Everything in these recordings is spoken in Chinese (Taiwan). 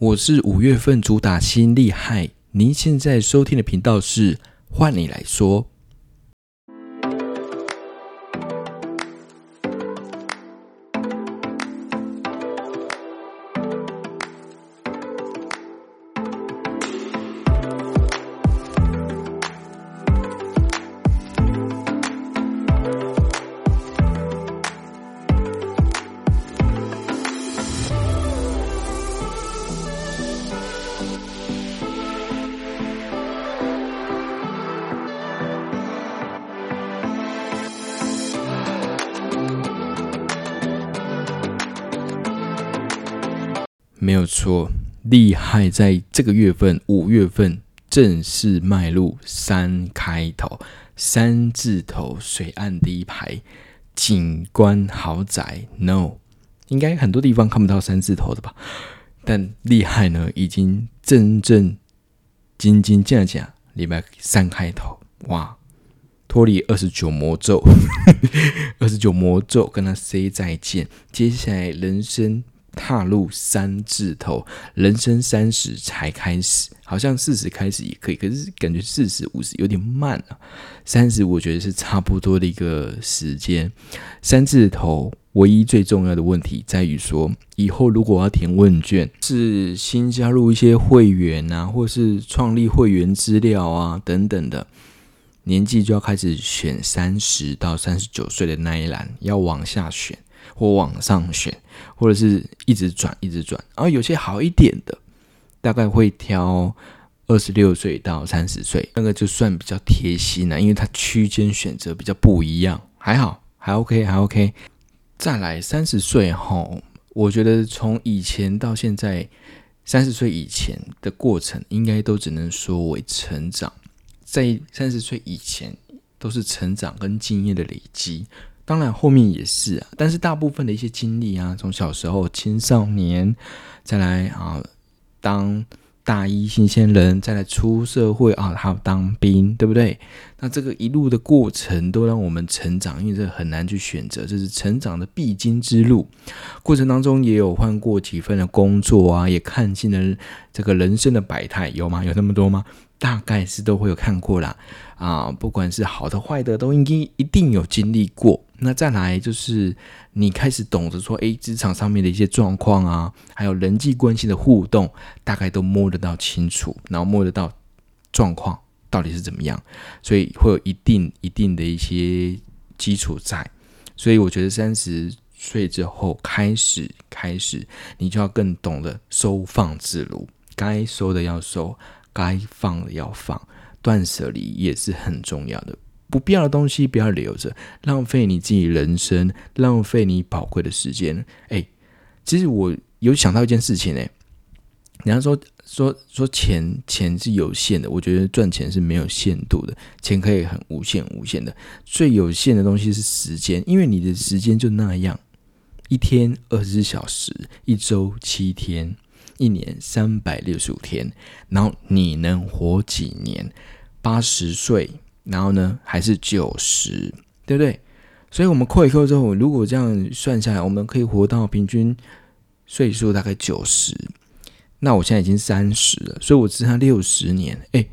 我是五月份主打星厲害。您現在收聽的頻道是《換你來說》。沒有錯，厲害！在這個月份，五月份正式邁入三開頭，三字頭水岸第一排景觀豪宅。No，應該很多地方看不到三字頭的吧？但厲害呢，已經真正，正金金駕駕，禮拜三開頭，哇，脫離二十九魔咒，二十九魔咒跟他 Say 再見，接下來人生。踏入三字頭，人生三十才開始，好像四十開始也可以，可是感覺四十五十有點慢了啊。三十我覺得是差不多的一個時間。三字頭唯一最重要的問題在於說，以後如果要填問卷，是新加入一些會員啊，或是創立會員資料啊等等的，年紀就要開始選三十到三十九歲的那一欄，要往下選。或往上選，或者是一直轉一直轉，然、哦、後有些好一點的，大概會挑二十六歲到三十歲，那個就算比較貼心了、啊，因為它區間選擇比較不一樣，還好，還 OK，還 OK。再來三十歲後、哦，我覺得從以前到現在，三十歲以前的過程，應該都只能說為成長，在三十歲以前都是成長跟經驗的累積。當然，後面也是啊，但是大部分的一些經歷啊，從小時候、青少年，再來啊，當大一新鮮人，再來出社會啊，還有當兵，對不對？那這個一路的過程都讓我們成長，因為這很難去選擇，這是成長的必經之路。過程當中也有換過幾份的工作啊，也看盡了這個人生的百態，有嗎？有那麼多嗎？大概是都會有看過啦，啊、呃，不管是好的壞的，都應該一定有經歷過。那再來就是你開始懂得說，誒，職場上面的一些狀況啊，還有人際關係的互動，大概都摸得到清楚，然後摸得到狀況到底是怎麼樣，所以會有一定一定的一些基礎在。所以我覺得三十歲之後開始開始，你就要更懂得收放自如，該收的要收。該放的要放，斷捨離也是很重要的。不必要的東西不要留着，浪費你自己人生，浪費你寶貴的時間。哎、欸，其實我有想到一件事情。哎、欸，人家說說說，錢錢是有限的，我覺得賺錢是沒有限度的，錢可以很無限無限的。最有限的東西是時間，因為你的時間就那樣，一天二十四小時，一周七天。一年三百六十五天，然後你能活幾年？八十歲，然後呢？還是九十，對不對？所以，我們扣一扣之後，如果這樣算下來，我們可以活到平均歲數大概九十。那我現在已經三十了，所以我只剩下六十年。哎、欸，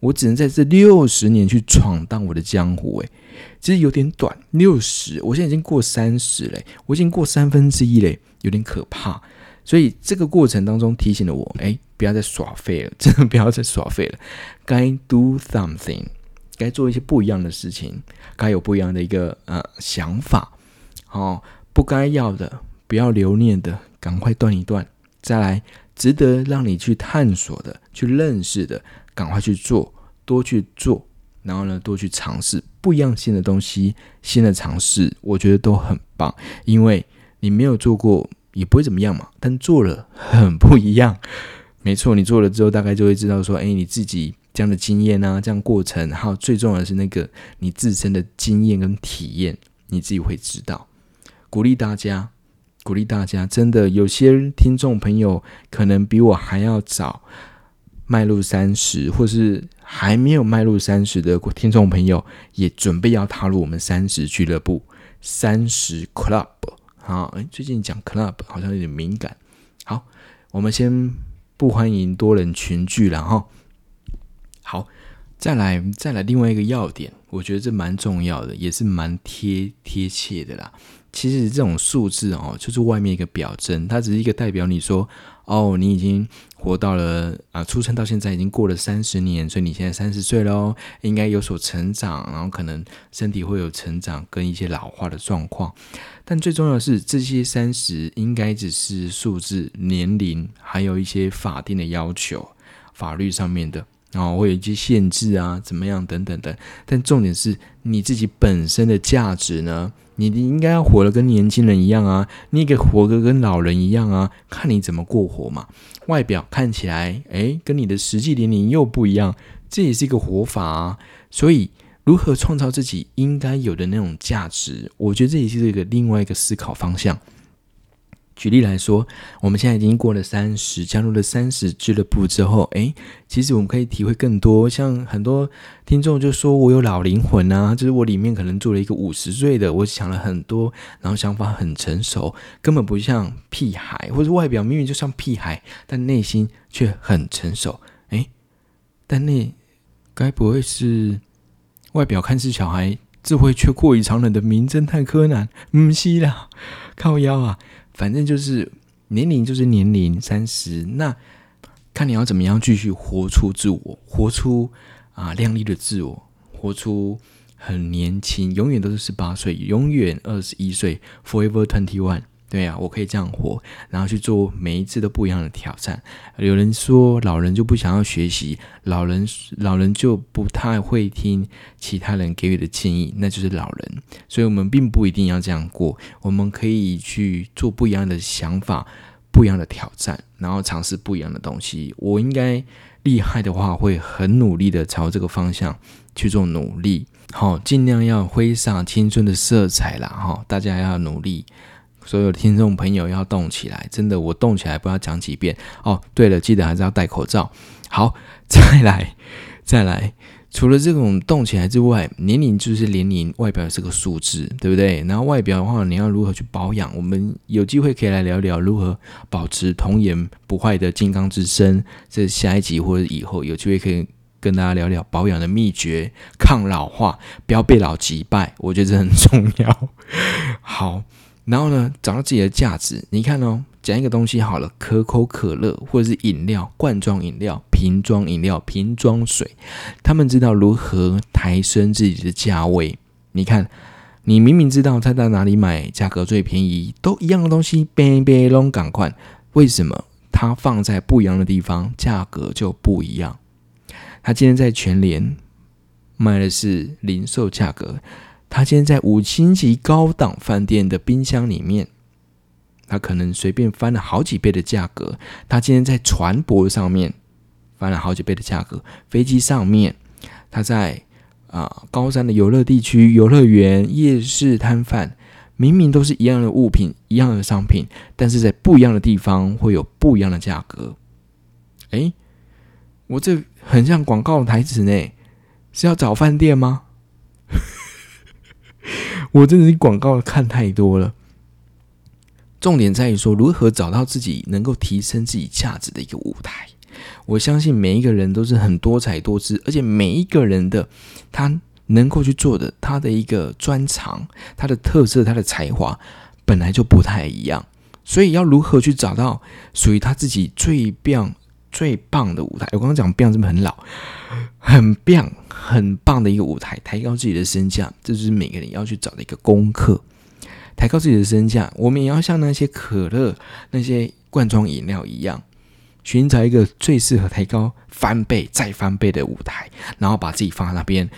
我只能在這六十年去闖蕩我的江湖、欸。哎，其實有點短，六十。我現在已經過三十嘞，我已經過三分之一嘞，有點可怕。所以這個過程當中提醒了我，哎，不要再耍廢了，真的不要再耍廢了，該 do something，該做一些不一樣的事情，該有不一樣的一個呃想法，好、哦，不該要的不要留念的，趕快斷一斷，再來值得讓你去探索的、去認識的，趕快去做，多去做，然後呢，多去嘗試不一樣新的東西，新的嘗試，我覺得都很棒，因為你沒有做過。也不會怎麼樣嘛，但做了很不一樣。沒錯，你做了之後，大概就會知道說，哎，你自己這樣的經驗啊，這樣過程，還有最重要的是那個你自身的經驗跟體驗，你自己會知道。鼓勵大家，鼓勵大家，真的有些聽眾朋友可能比我還要早邁入三十，或是還沒有邁入三十的聽眾朋友，也準備要踏入我們三十俱樂部，三十 Club。啊，哎，最近講 club 好像有點敏感。好，我們先不歡迎多人群聚了哈。好。再來，再來另外一個要點，我覺得這蠻重要的，也是蠻貼貼切的啦。其實這種數字哦，就是外面一個表徵，它只是一個代表你說，哦，你已經活到了啊，出生到現在已經過了三十年，所以你現在三十歲嘍，應該有所成長，然後可能身體會有成長跟一些老化的狀況。但最重要的是，這些三十應該只是數字、年齡，還有一些法定的要求，法律上面的。哦，會有一些限制啊，怎麼樣等等的。但重點是你自己本身的價值呢？你應該要活得跟年輕人一樣啊，你給活得跟老人一樣啊，看你怎麼過活嘛。外表看起來，哎，跟你的實際年齡又不一樣，這也是一個活法啊。所以，如何創造自己應該有的那種價值，我覺得這也是一個另外一個思考方向。舉例來說，我們現在已經過了三十，加入了三十俱樂部之後，哎，其實我們可以體會更多。像很多聽眾就說：“我有老靈魂啊，就是我裡面可能做了一個五十歲的，我想了很多，然後想法很成熟，根本不像屁孩，或者外表明明就像屁孩，但內心卻很成熟。”哎，但那該不會是外表看似小孩，智慧卻過於常人的名偵探柯南？唔是啦，靠腰啊！反正就是年齡就是年齡，三十那看你要怎麼樣繼續活出自我，活出啊靚麗的自我，活出很年輕，永遠都是十八歲，永遠二十一歲，Forever Twenty One。對呀，我可以這樣活，然後去做每一次都不一樣的挑戰。有人說老人就不想要學習，老人老人就不太會聽其他人給予的建議，那就是老人。所以，我們並不一定要這樣過，我們可以去做不一樣的想法，不一樣的挑戰，然後嘗試不一樣的東西。我應該厲害的話，會很努力的朝這個方向去做努力。好，盡量要揮灑青春的色彩啦！哈，大家要努力。所有聽眾朋友要動起來，真的，我動起來不知道講幾遍哦。對了，記得還是要戴口罩。好，再來，再來。除了這種動起來之外，年齡就是年齡，外表是個數字，對不對？然後外表的話，你要如何去保養？我們有機會可以來聊聊如何保持童顏不壞的金剛之身。這下一集或者以後有機會可以跟大家聊聊保養的秘訣，抗老化，不要被老擊敗。我覺得這很重要。好。然後呢，找到自己的價值。你看哦，講一個東西好了，可口可樂或者是飲料，罐裝飲料、瓶裝飲料、瓶裝水，他們知道如何抬升自己的價位。你看，你明明知道他在哪裡買價格最便宜，都一樣的東西，平平攏仝款。為什麼它放在不一樣的地方價格就不一樣？他今天在全聯賣的是零售價格。他今天在，在五星級高檔飯店的冰箱裡面，他可能隨便翻了好幾倍的價格。他今天在，在船舶上面翻了好幾倍的價格，飛機上面，他在啊、呃、高山的遊樂地區、遊樂園、夜市攤販，明明都是一樣的物品、一樣的商品，但是在不一樣的地方會有不一樣的價格。哎，我這很像廣告的台詞呢，是要找飯店嗎？我真的是廣告看太多了。重點在於說，如何找到自己能夠提升自己價值的一個舞台。我相信每一個人都是很多彩多姿，而且每一個人的他能夠去做的他的一個專長、他的特色、他的才華本來就不太一樣，所以要如何去找到屬於他自己最棒。最棒的舞台，我剛剛講變真的很老，很棒很棒的一個舞台，抬高自己的身價，這就是每個人要去找的一個功課。抬高自己的身價，我們也要像那些可樂、那些罐裝飲料一樣，尋找一個最適合抬高、翻倍再翻倍的舞台，然後把自己放在那邊。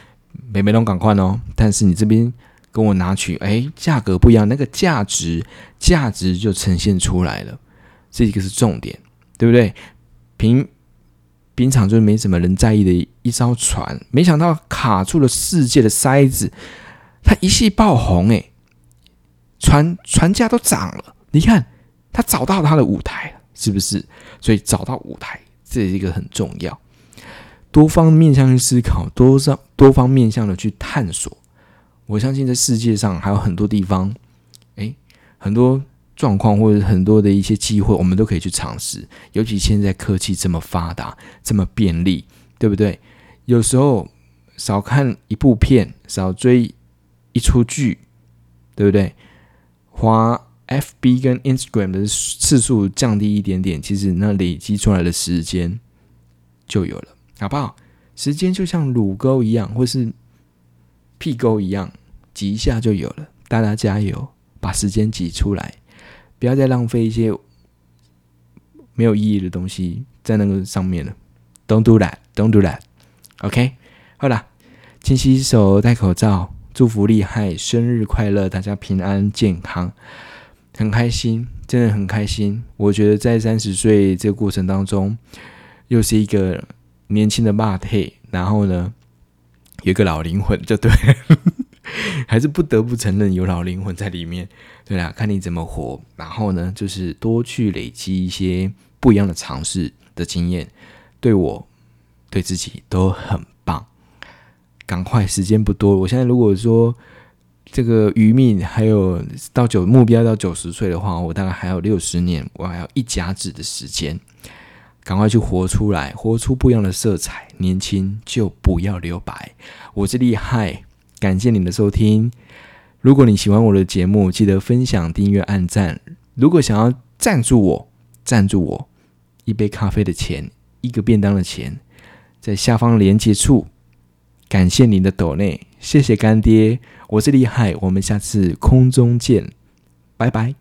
美美龍，趕快哦！但是你這邊跟我拿取，哎，價格不一樣，那個價值價值就呈現出來了。這一個是重點，對不對？平平常就沒什麼人在意的一,一艘船，沒想到卡住了世界的塞子，他一氣爆紅哎，船船價都漲了。你看，他找到他的舞台了，是不是？所以找到舞台這也是一個很重要，多方面向去思考，多上多方面向的去探索。我相信在世界上還有很多地方，哎，很多。狀況或者很多的一些機會，我們都可以去嘗試。尤其現在科技這麼發達，這麼便利，對不對？有時候少看一部片，少追一齣劇，對不對？滑 FB 跟 Instagram 的次數降低一點點，其實那累積出來的時間就有了，好不好？時間就像乳溝一樣，或是屁溝一樣，擠一下就有了。大家加油，把時間擠出來。不要再浪費一些沒有意義的東西在那個上面了。Don't do that. Don't do that. OK，好了，請洗手，戴口罩，祝福厲害，生日快樂，大家平安健康，很開心，真的很開心。我覺得在三十歲這個過程當中，又是一個年輕的 body，然後呢，有一個老靈魂，就對。 還是不得不承認有老靈魂在裡面。對啦，啊，看你怎麼活。然後呢，就是多去累積一些不一樣的嘗試的經驗，對我、對自己都很棒。趕快，時間不多。我現在如果說這個餘命還有到九目標到九十歲的話，我大概還有六十年，我還要一甲子的時間。趕快去活出來，活出不一樣的色彩。年輕就不要留白，我是厲害。感謝您的收聽。如果你喜歡我的節目，記得分享、訂閱、按贊。如果想要贊助我，贊助我一杯咖啡的錢，一個便當的錢，在下方連接處。感謝您的斗內，謝謝乾爹，我是厲害，我們下次空中見，拜拜。